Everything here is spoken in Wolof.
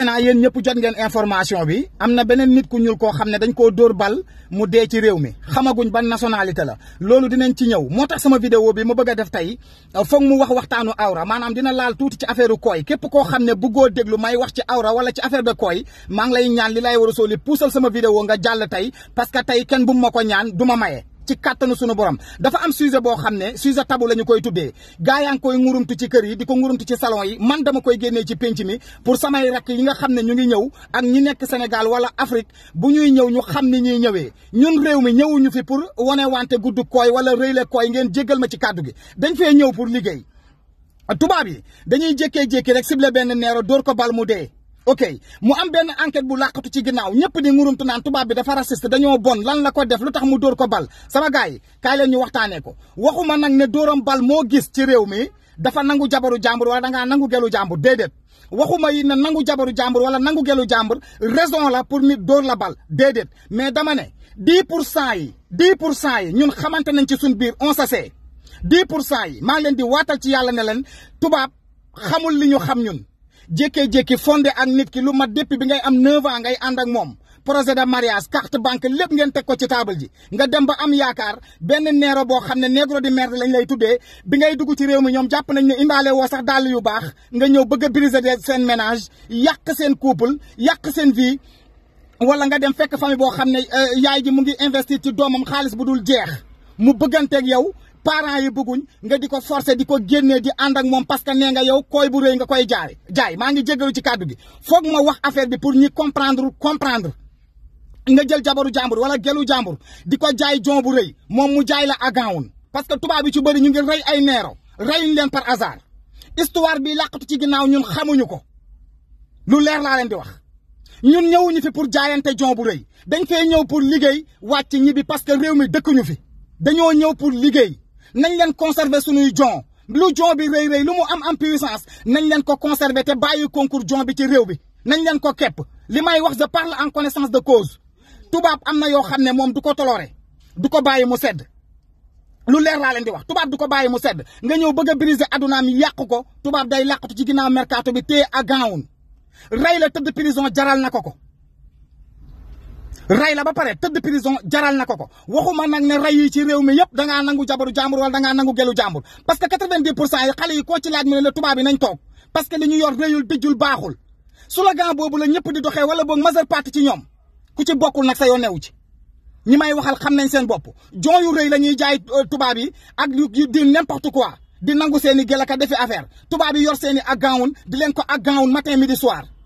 maintenant yéen ñëpp jot ngeen information bi am na beneen nit ku ñuul koo xam ne dañ koo dóor bal mu dee ci réew mi xamaguñ ban nationalité la loolu dinañ ci ñëw moo tax sama vidéo bi ma bëgg def tey foog mu wax waxtaanu awra maanaam dina laal tuuti ci affaire u kooy képp koo xam ne bëggoo déglu may wax ci awra wala ci affaire de kooy maa ngi lay ñaan li lay war a sooli puusal sama vidéo nga jàll tey parce que tey kenn bu ma ko ñaan du ma maye ci kàttanu sunu borom dafa am sujet boo xam ne sujet tabu la ñu koy tuddee gaa yaa ngi koy ngurumtu ci kër yi di ko ngurumtu ci salon yi man dama koy génnee ci pénc mi pour samay rakk yi nga xam ne ñu ngi ñëw ak ñu nekk Sénégal wala Afrique bu ñuy ñëw ñu xam ni ñuy ñëwee ñun réew mi ñëwuñu fi pour wane wante gudd kooy wala rëyle kooy ngeen jéggal ma ci kàddu gi dañ fee ñëw pour liggéey tubaab yi dañuy jékkee-jékki rek ciblé benn neero dóor ko bal mu dee ok mu am benn enquête bu làqatu ci ginnaaw ñëpp di ngurumtu naan tubaab bi dafa raciste dañoo bon lan la ko def lu tax mu dóor ko bal sama gars yi kaay leen ñu waxtaanee ko waxuma nan ne dóoram bal moo gis ci réew mi dafa nangu jabaru jàmbur wala dangaa nangu gelu jàmbur déedéet waxuma yi na nangu jabaru jàmbur wala nangu gelu jàmbur raison la pour nit dóor la bal déedéet mais dama ne dix pour cent yi dix pour cent yi ñun xamante nañ ci suñ biir on sait dix pour cent yi maa ngi leen di waatal ci yàlla ne leen tubaab xamul li ñu xam ñun jékkee-jékki fondé ak nit ki lu ma depuis bi ngay am 9 ans ngay ànd ak moom projet de mariage carte banque lépp ngeen teg ko ci table ji nga dem ba am yaakaar benn neero bo xam ne négro di merde lañ lay tuddee bi ngay dugg ci réew mi ñoom jàpp nañ ne indaale woo sax dàll yu baax nga ñëw bëgg a briser seen menage yàq seen couple yàq seen vie wala nga dem fekk famille boo xam ne euh, yaay ji mu ngi investir ci doomam xaalis bu dul jeex mu bëgganteeg yow parents yi bëgguñ nga di ko forcer di ko génnee di ànd ak moom parce que nee nga yow koy bu rëy nga koy jaay jaay maa ngi jégalu ci kàddu bi foog ma wax affaire bi pour ñi comprendre comprendre nga jël jabaru jàmbur wala gelu jàmbur di ko jaay jon bu rëy moom mu jaay la agaawun parce que tubaab yi ci bëri ñu ngi rey ay neero reyuñ leen par hasard histoire bi làqatu ci ginnaaw ñun xamuñu ko lu leer laa leen di wax ñun ñëwuñu fi pour jaayante jon bu rëy dañ fee ñëw pour liggéey wàcc ñibbi parce que réew mi dëkkuñu fi dañoo ñëw pour liggéey nañ leen conserver suñuy jon lu jon bi rëy rëy lu mu am am puissance nañ leen ko conserver te bàyyi concours jon bi ci réew bi nañ leen ko képp li may wax je parle en connaissance de cause tubaab am na yoo xam ne moom du ko toloore du ko bàyyi mu sedd lu leer laa leen di wax tubaab du ko bàyyi mu sedd nga ñëw bëgg a briser adunaam yàq ko tubaab day làqatu ci ginnaaw mercato bi téye a gaawun rey la tëdd prison jaral na ko ko rey la ba pare tëdd prison jaral na ko ko waxuma nag ne rey ci réew mi yëpp dangaa nangu jabaru jàmbur wala dangaa nangu gelu jàmbur parce que quatre-vingt-dix pour cent yi xale yi koo ci laaj mu ne la tubaab yi nañ toog parce que li ñu yor réyul dijjul baaxul slogan boobu a ñëpp di doxee wala boog majeure partie ci ñoom ku ci bokkul nag sa yoo newu ci ñi may waxal xam nañ seen bopp jon yu rëy la ñuy jaay euh, tubaab yi ak di n'importe quoi di nangu seen i gel aka defi affaire tubaab yi yor seen i ak gaawun leen ko ak gaawun matin midi soir